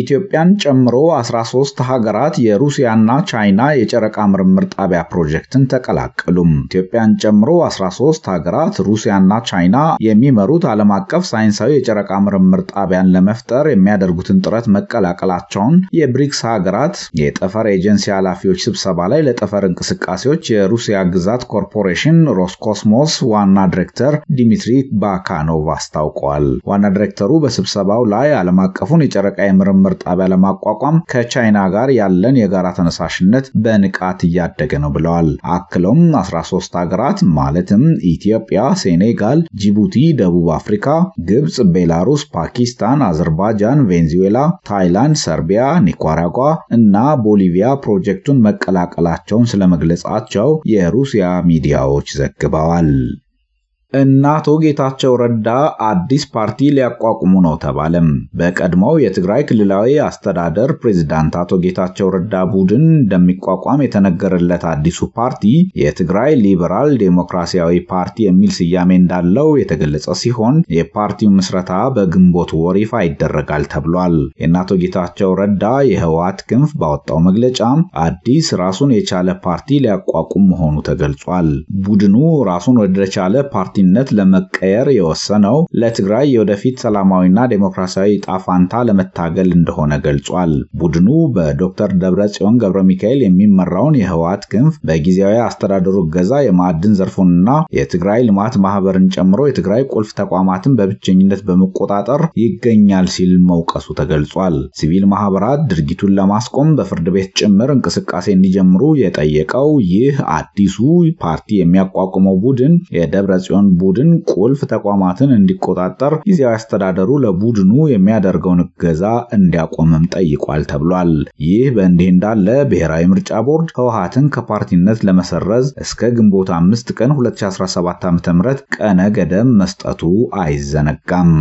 ኢትዮጵያን ጨምሮ 13 ሀገራት የሩሲያና ቻይና የጨረቃ ምርምር ጣቢያ ፕሮጀክትን ተቀላቀሉም። ኢትዮጵያን ጨምሮ 13 ሀገራት ሩሲያና ቻይና የሚመሩት ዓለም አቀፍ ሳይንሳዊ የጨረቃ ምርምር ጣቢያን ለመፍጠር የሚያደርጉትን ጥረት መቀላቀላቸውን የብሪክስ ሀገራት የጠፈር ኤጀንሲ ኃላፊዎች ስብሰባ ላይ ለጠፈር እንቅስቃሴዎች የሩሲያ ግዛት ኮርፖሬሽን ሮስኮስሞስ ዋና ዲሬክተር ዲሚትሪ ባካኖቭ አስታውቋል። ዋና ዲሬክተሩ በስብሰባው ላይ ዓለም አቀፉን የጨረቃ የምርምር የምርምር ጣቢያ ለማቋቋም ከቻይና ጋር ያለን የጋራ ተነሳሽነት በንቃት እያደገ ነው ብለዋል። አክለውም 13 ሀገራት ማለትም ኢትዮጵያ፣ ሴኔጋል፣ ጅቡቲ፣ ደቡብ አፍሪካ፣ ግብፅ፣ ቤላሩስ፣ ፓኪስታን፣ አዘርባይጃን፣ ቬንዙዌላ፣ ታይላንድ፣ ሰርቢያ፣ ኒካራጓ እና ቦሊቪያ ፕሮጀክቱን መቀላቀላቸውን ስለመግለጻቸው የሩሲያ ሚዲያዎች ዘግበዋል። እና አቶ ጌታቸው ረዳ አዲስ ፓርቲ ሊያቋቁሙ ነው ተባለም። በቀድሞው የትግራይ ክልላዊ አስተዳደር ፕሬዝዳንት አቶ ጌታቸው ረዳ ቡድን እንደሚቋቋም የተነገረለት አዲሱ ፓርቲ የትግራይ ሊበራል ዴሞክራሲያዊ ፓርቲ የሚል ስያሜ እንዳለው የተገለጸ ሲሆን የፓርቲው ምስረታ በግንቦት ወር ይፋ ይደረጋል ተብሏል። የእነ አቶ ጌታቸው ረዳ የህወሓት ክንፍ ባወጣው መግለጫ አዲስ ራሱን የቻለ ፓርቲ ሊያቋቁም መሆኑ ተገልጿል። ቡድኑ ራሱን ወደቻለ ፓርቲ ፓርቲነት ለመቀየር የወሰነው ለትግራይ የወደፊት ሰላማዊና ዴሞክራሲያዊ ጣፋንታ ለመታገል እንደሆነ ገልጿል። ቡድኑ በዶክተር ደብረጽዮን ገብረ ሚካኤል የሚመራውን የህወሓት ክንፍ በጊዜያዊ አስተዳደሩ እገዛ የማዕድን ዘርፉንና የትግራይ ልማት ማህበርን ጨምሮ የትግራይ ቁልፍ ተቋማትን በብቸኝነት በመቆጣጠር ይገኛል ሲል መውቀሱ ተገልጿል። ሲቪል ማህበራት ድርጊቱን ለማስቆም በፍርድ ቤት ጭምር እንቅስቃሴ እንዲጀምሩ የጠየቀው ይህ አዲሱ ፓርቲ የሚያቋቁመው ቡድን የደብረ ጽዮን የያዘውን ቡድን ቁልፍ ተቋማትን እንዲቆጣጠር ጊዜያዊ አስተዳደሩ ለቡድኑ የሚያደርገውን እገዛ እንዲያቆምም ጠይቋል ተብሏል። ይህ በእንዲህ እንዳለ ብሔራዊ ምርጫ ቦርድ ህወሓትን ከፓርቲነት ለመሰረዝ እስከ ግንቦት 5 ቀን 2017 ዓ.ም ቀነ ገደም መስጠቱ አይዘነጋም።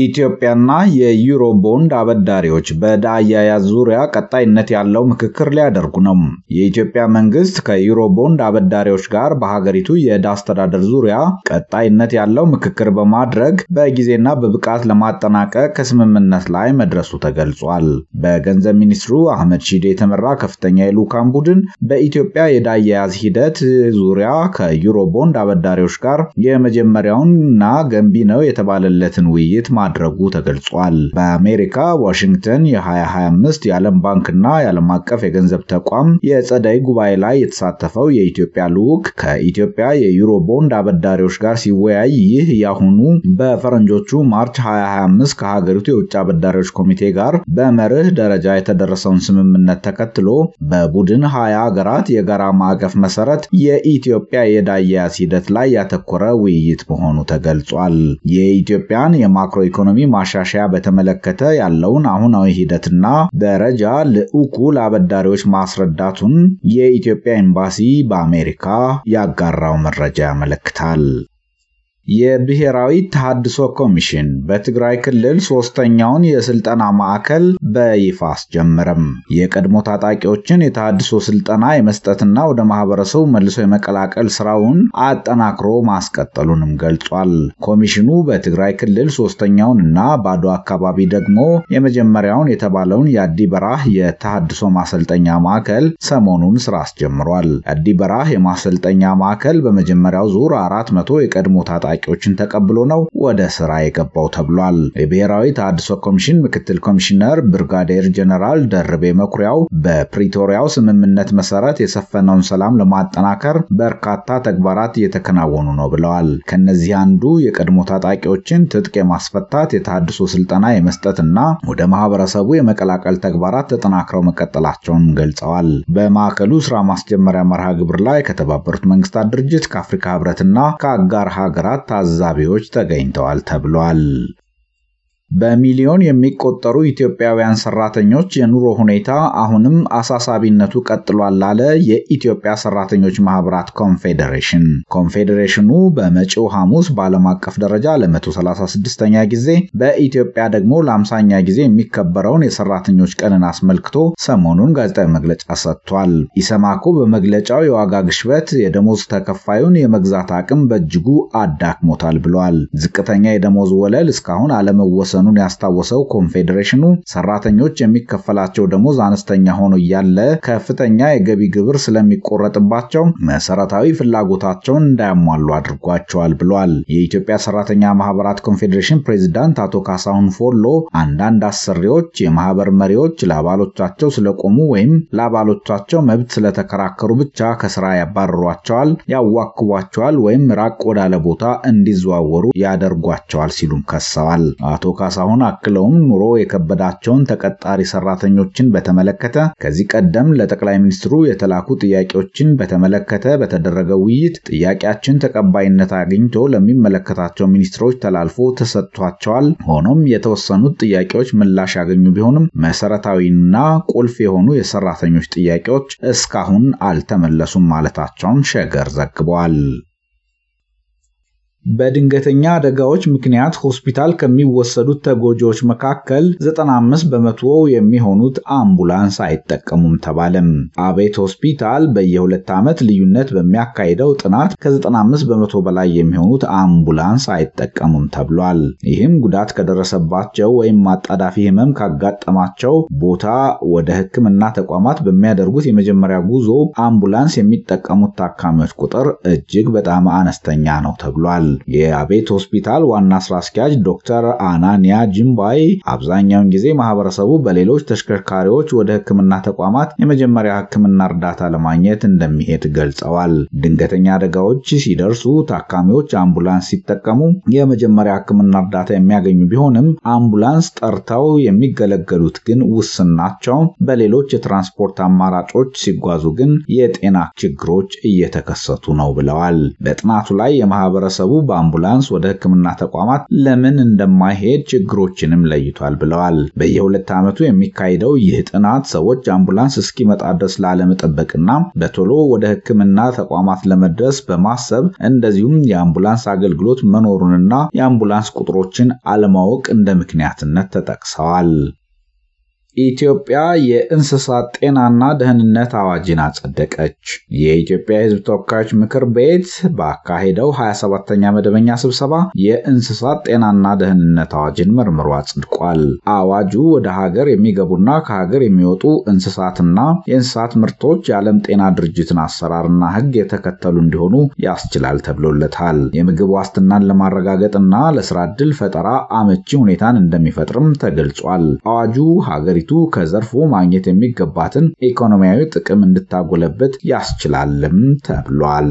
ኢትዮጵያና የዩሮ ቦንድ አበዳሪዎች በዕዳ አያያዝ ዙሪያ ቀጣይነት ያለው ምክክር ሊያደርጉ ነው። የኢትዮጵያ መንግስት ከዩሮ ቦንድ አበዳሪዎች ጋር በሀገሪቱ የዕዳ አስተዳደር ዙሪያ ቀጣይነት ያለው ምክክር በማድረግ በጊዜና በብቃት ለማጠናቀቅ ከስምምነት ላይ መድረሱ ተገልጿል። በገንዘብ ሚኒስትሩ አህመድ ሺዴ የተመራ ከፍተኛ የልዑካን ቡድን በኢትዮጵያ የዕዳ አያያዝ ሂደት ዙሪያ ከዩሮ ቦንድ አበዳሪዎች ጋር የመጀመሪያውንና ገንቢ ነው የተባለለትን ውይይት ማድረጉ ተገልጿል። በአሜሪካ ዋሽንግተን የ2025 የዓለም ባንክና የዓለም አቀፍ የገንዘብ ተቋም የጸደይ ጉባኤ ላይ የተሳተፈው የኢትዮጵያ ልዑክ ከኢትዮጵያ የዩሮ ቦንድ አበዳሪዎች ጋር ሲወያይ ይህ ያሁኑ በፈረንጆቹ ማርች 2025 ከሀገሪቱ የውጭ አበዳሪዎች ኮሚቴ ጋር በመርህ ደረጃ የተደረሰውን ስምምነት ተከትሎ በቡድን ሀያ ሀገራት የጋራ ማዕቀፍ መሰረት የኢትዮጵያ የዕዳ አያያዝ ሂደት ላይ ያተኮረ ውይይት መሆኑ ተገልጿል። የኢትዮጵያን የማክሮ ኢኮኖሚ ማሻሻያ በተመለከተ ያለውን አሁናዊ ሂደትና ደረጃ ልዑኩ ለአበዳሪዎች ማስረዳቱን የኢትዮጵያ ኤምባሲ በአሜሪካ ያጋራው መረጃ ያመለክታል። የብሔራዊ ተሃድሶ ኮሚሽን በትግራይ ክልል ሶስተኛውን የስልጠና ማዕከል በይፋ አስጀመረም። የቀድሞ ታጣቂዎችን የተሃድሶ ስልጠና የመስጠትና ወደ ማህበረሰቡ መልሶ የመቀላቀል ስራውን አጠናክሮ ማስቀጠሉንም ገልጿል። ኮሚሽኑ በትግራይ ክልል ሶስተኛውንና ባዶ አካባቢ ደግሞ የመጀመሪያውን የተባለውን የአዲበራህ የተሃድሶ ማሰልጠኛ ማዕከል ሰሞኑን ስራ አስጀምሯል። አዲበራህ የማሰልጠኛ ማዕከል በመጀመሪያው ዙር አራት መቶ የቀድሞ ታጣ ታጣቂዎችን ተቀብሎ ነው ወደ ስራ የገባው ተብሏል። የብሔራዊ ተሃድሶ ኮሚሽን ምክትል ኮሚሽነር ብርጋዴር ጀነራል ደርቤ መኩሪያው በፕሪቶሪያው ስምምነት መሰረት የሰፈነውን ሰላም ለማጠናከር በርካታ ተግባራት እየተከናወኑ ነው ብለዋል። ከነዚህ አንዱ የቀድሞ ታጣቂዎችን ትጥቅ የማስፈታት የተሃድሶ ስልጠና የመስጠትና ወደ ማህበረሰቡ የመቀላቀል ተግባራት ተጠናክረው መቀጠላቸውን ገልጸዋል። በማዕከሉ ስራ ማስጀመሪያ መርሃ ግብር ላይ ከተባበሩት መንግስታት ድርጅት ከአፍሪካ ህብረትና ከአጋር ሀገራት ታዛቢዎች ተገኝተዋል ተብሏል። በሚሊዮን የሚቆጠሩ ኢትዮጵያውያን ሰራተኞች የኑሮ ሁኔታ አሁንም አሳሳቢነቱ ቀጥሏል አለ የኢትዮጵያ ሰራተኞች ማህበራት ኮንፌዴሬሽን። ኮንፌዴሬሽኑ በመጪው ሐሙስ በዓለም አቀፍ ደረጃ ለ136ኛ ጊዜ በኢትዮጵያ ደግሞ ለ50ኛ ጊዜ የሚከበረውን የሰራተኞች ቀንን አስመልክቶ ሰሞኑን ጋዜጣዊ መግለጫ ሰጥቷል። ኢሰማኮ በመግለጫው የዋጋ ግሽበት የደሞዝ ተከፋዩን የመግዛት አቅም በእጅጉ አዳክሞታል ብሏል። ዝቅተኛ የደሞዝ ወለል እስካሁን አለመወሰ። መወሰኑን ያስታወሰው ኮንፌዴሬሽኑ ሰራተኞች የሚከፈላቸው ደሞዝ አነስተኛ ሆኖ እያለ ከፍተኛ የገቢ ግብር ስለሚቆረጥባቸው መሰረታዊ ፍላጎታቸውን እንዳያሟሉ አድርጓቸዋል ብሏል። የኢትዮጵያ ሰራተኛ ማህበራት ኮንፌዴሬሽን ፕሬዚዳንት አቶ ካሳሁን ፎሎ አንዳንድ አሰሪዎች የማህበር መሪዎች ለአባሎቻቸው ስለቆሙ ወይም ለአባሎቻቸው መብት ስለተከራከሩ ብቻ ከስራ ያባርሯቸዋል፣ ያዋክቧቸዋል ወይም ራቅ ወዳለ ቦታ እንዲዘዋወሩ ያደርጓቸዋል ሲሉም ከሰዋል። አቶ ካሳሁን አክለውም ኑሮ የከበዳቸውን ተቀጣሪ ሰራተኞችን በተመለከተ ከዚህ ቀደም ለጠቅላይ ሚኒስትሩ የተላኩ ጥያቄዎችን በተመለከተ በተደረገ ውይይት ጥያቄያችን ተቀባይነት አግኝቶ ለሚመለከታቸው ሚኒስትሮች ተላልፎ ተሰጥቷቸዋል። ሆኖም የተወሰኑት ጥያቄዎች ምላሽ ያገኙ ቢሆንም መሰረታዊና ቁልፍ የሆኑ የሰራተኞች ጥያቄዎች እስካሁን አልተመለሱም ማለታቸውን ሸገር ዘግቧል። በድንገተኛ አደጋዎች ምክንያት ሆስፒታል ከሚወሰዱት ተጎጂዎች መካከል 95 በመቶ የሚሆኑት አምቡላንስ አይጠቀሙም ተባለም። አቤት ሆስፒታል በየሁለት ዓመት ልዩነት በሚያካሂደው ጥናት ከ95 በመቶ በላይ የሚሆኑት አምቡላንስ አይጠቀሙም ተብሏል። ይህም ጉዳት ከደረሰባቸው ወይም አጣዳፊ ህመም ካጋጠማቸው ቦታ ወደ ሕክምና ተቋማት በሚያደርጉት የመጀመሪያ ጉዞ አምቡላንስ የሚጠቀሙት ታካሚዎች ቁጥር እጅግ በጣም አነስተኛ ነው ተብሏል። የአቤት ሆስፒታል ዋና ስራ አስኪያጅ ዶክተር አናንያ ጅምባይ አብዛኛውን ጊዜ ማህበረሰቡ በሌሎች ተሽከርካሪዎች ወደ ሕክምና ተቋማት የመጀመሪያ ሕክምና እርዳታ ለማግኘት እንደሚሄድ ገልጸዋል። ድንገተኛ አደጋዎች ሲደርሱ ታካሚዎች አምቡላንስ ሲጠቀሙ የመጀመሪያ ሕክምና እርዳታ የሚያገኙ ቢሆንም አምቡላንስ ጠርተው የሚገለገሉት ግን ውስን ናቸው። በሌሎች የትራንስፖርት አማራጮች ሲጓዙ ግን የጤና ችግሮች እየተከሰቱ ነው ብለዋል። በጥናቱ ላይ የማህበረሰቡ በአምቡላንስ ወደ ህክምና ተቋማት ለምን እንደማይሄድ ችግሮችንም ለይቷል ብለዋል። በየሁለት ዓመቱ የሚካሄደው ይህ ጥናት ሰዎች አምቡላንስ እስኪመጣ ድረስ ላለመጠበቅና በቶሎ ወደ ህክምና ተቋማት ለመድረስ በማሰብ እንደዚሁም የአምቡላንስ አገልግሎት መኖሩንና የአምቡላንስ ቁጥሮችን አለማወቅ እንደ ምክንያትነት ተጠቅሰዋል። ኢትዮጵያ የእንስሳት ጤናና ደህንነት አዋጅን አጸደቀች። የኢትዮጵያ ሕዝብ ተወካዮች ምክር ቤት ባካሄደው 27 ተኛ መደበኛ ስብሰባ የእንስሳት ጤናና ደህንነት አዋጅን መርምሮ አጽድቋል። አዋጁ ወደ ሀገር የሚገቡና ከሀገር የሚወጡ እንስሳትና የእንስሳት ምርቶች የዓለም ጤና ድርጅትን አሰራርና ሕግ የተከተሉ እንዲሆኑ ያስችላል ተብሎለታል። የምግብ ዋስትናን ለማረጋገጥና ለስራ ዕድል ፈጠራ አመቺ ሁኔታን እንደሚፈጥርም ተገልጿል። አዋጁ ሀገር ሀገሪቱ ከዘርፉ ማግኘት የሚገባትን ኢኮኖሚያዊ ጥቅም እንድታጎለበት ያስችላልም ተብሏል።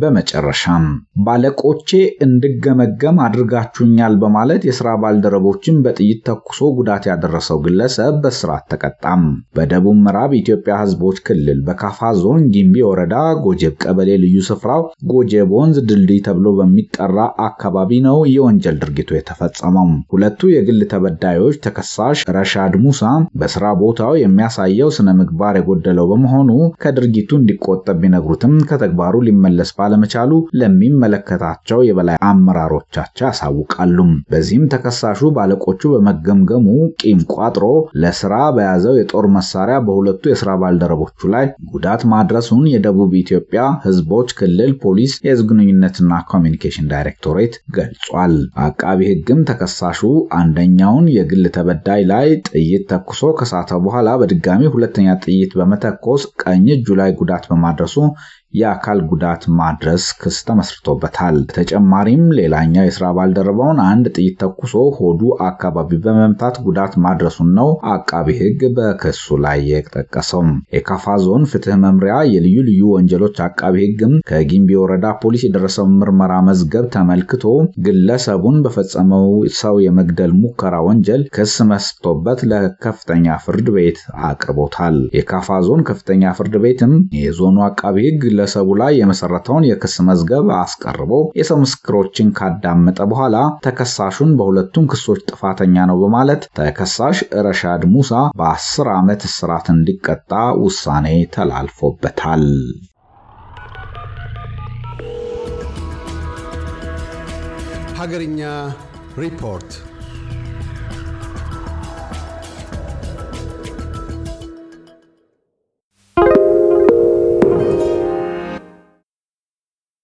በመጨረሻም ባለቆቼ እንድገመገም አድርጋችሁኛል በማለት የስራ ባልደረቦችን በጥይት ተኩሶ ጉዳት ያደረሰው ግለሰብ በስርዓት ተቀጣም። በደቡብ ምዕራብ ኢትዮጵያ ህዝቦች ክልል በካፋ ዞን ጊምቢ ወረዳ ጎጀብ ቀበሌ ልዩ ስፍራው ጎጀብ ወንዝ ድልድይ ተብሎ በሚጠራ አካባቢ ነው የወንጀል ድርጊቱ የተፈጸመው። ሁለቱ የግል ተበዳዮች ተከሳሽ ረሻድ ሙሳ በስራ ቦታው የሚያሳየው ስነ ምግባር የጎደለው በመሆኑ ከድርጊቱ እንዲቆጠብ ቢነግሩትም ከተግባሩ ሊመለስ ባለመቻሉ ለሚመለከታቸው የበላይ አመራሮቻቸው ያሳውቃሉ። በዚህም ተከሳሹ ባለቆቹ በመገምገሙ ቂም ቋጥሮ ለስራ በያዘው የጦር መሳሪያ በሁለቱ የስራ ባልደረቦቹ ላይ ጉዳት ማድረሱን የደቡብ ኢትዮጵያ ህዝቦች ክልል ፖሊስ የህዝብ ግንኙነትና ኮሚኒኬሽን ዳይሬክቶሬት ገልጿል። አቃቢ ህግም ተከሳሹ አንደኛውን የግል ተበዳይ ላይ ጥይት ተኩሶ ከሳተ በኋላ በድጋሚ ሁለተኛ ጥይት በመተኮስ ቀኝ እጁ ላይ ጉዳት በማድረሱ የአካል ጉዳት ማድረስ ክስ ተመስርቶበታል። በተጨማሪም ሌላኛው የስራ ባልደረባውን አንድ ጥይት ተኩሶ ሆዱ አካባቢ በመምታት ጉዳት ማድረሱን ነው አቃቢ ሕግ በክሱ ላይ የጠቀሰው። የካፋ ዞን ፍትህ መምሪያ የልዩ ልዩ ወንጀሎች አቃቢ ሕግም ከጊምቢ ወረዳ ፖሊስ የደረሰው ምርመራ መዝገብ ተመልክቶ ግለሰቡን በፈጸመው ሰው የመግደል ሙከራ ወንጀል ክስ መስርቶበት ለከፍተኛ ፍርድ ቤት አቅርቦታል። የካፋ ዞን ከፍተኛ ፍርድ ቤትም የዞኑ አቃቢ ሕግ በግለሰቡ ላይ የመሰረተውን የክስ መዝገብ አስቀርቦ የሰው ምስክሮችን ካዳመጠ በኋላ ተከሳሹን በሁለቱም ክሶች ጥፋተኛ ነው በማለት ተከሳሽ ረሻድ ሙሳ በአስር ዓመት እስራት እንዲቀጣ ውሳኔ ተላልፎበታል። ሀገርኛ ሪፖርት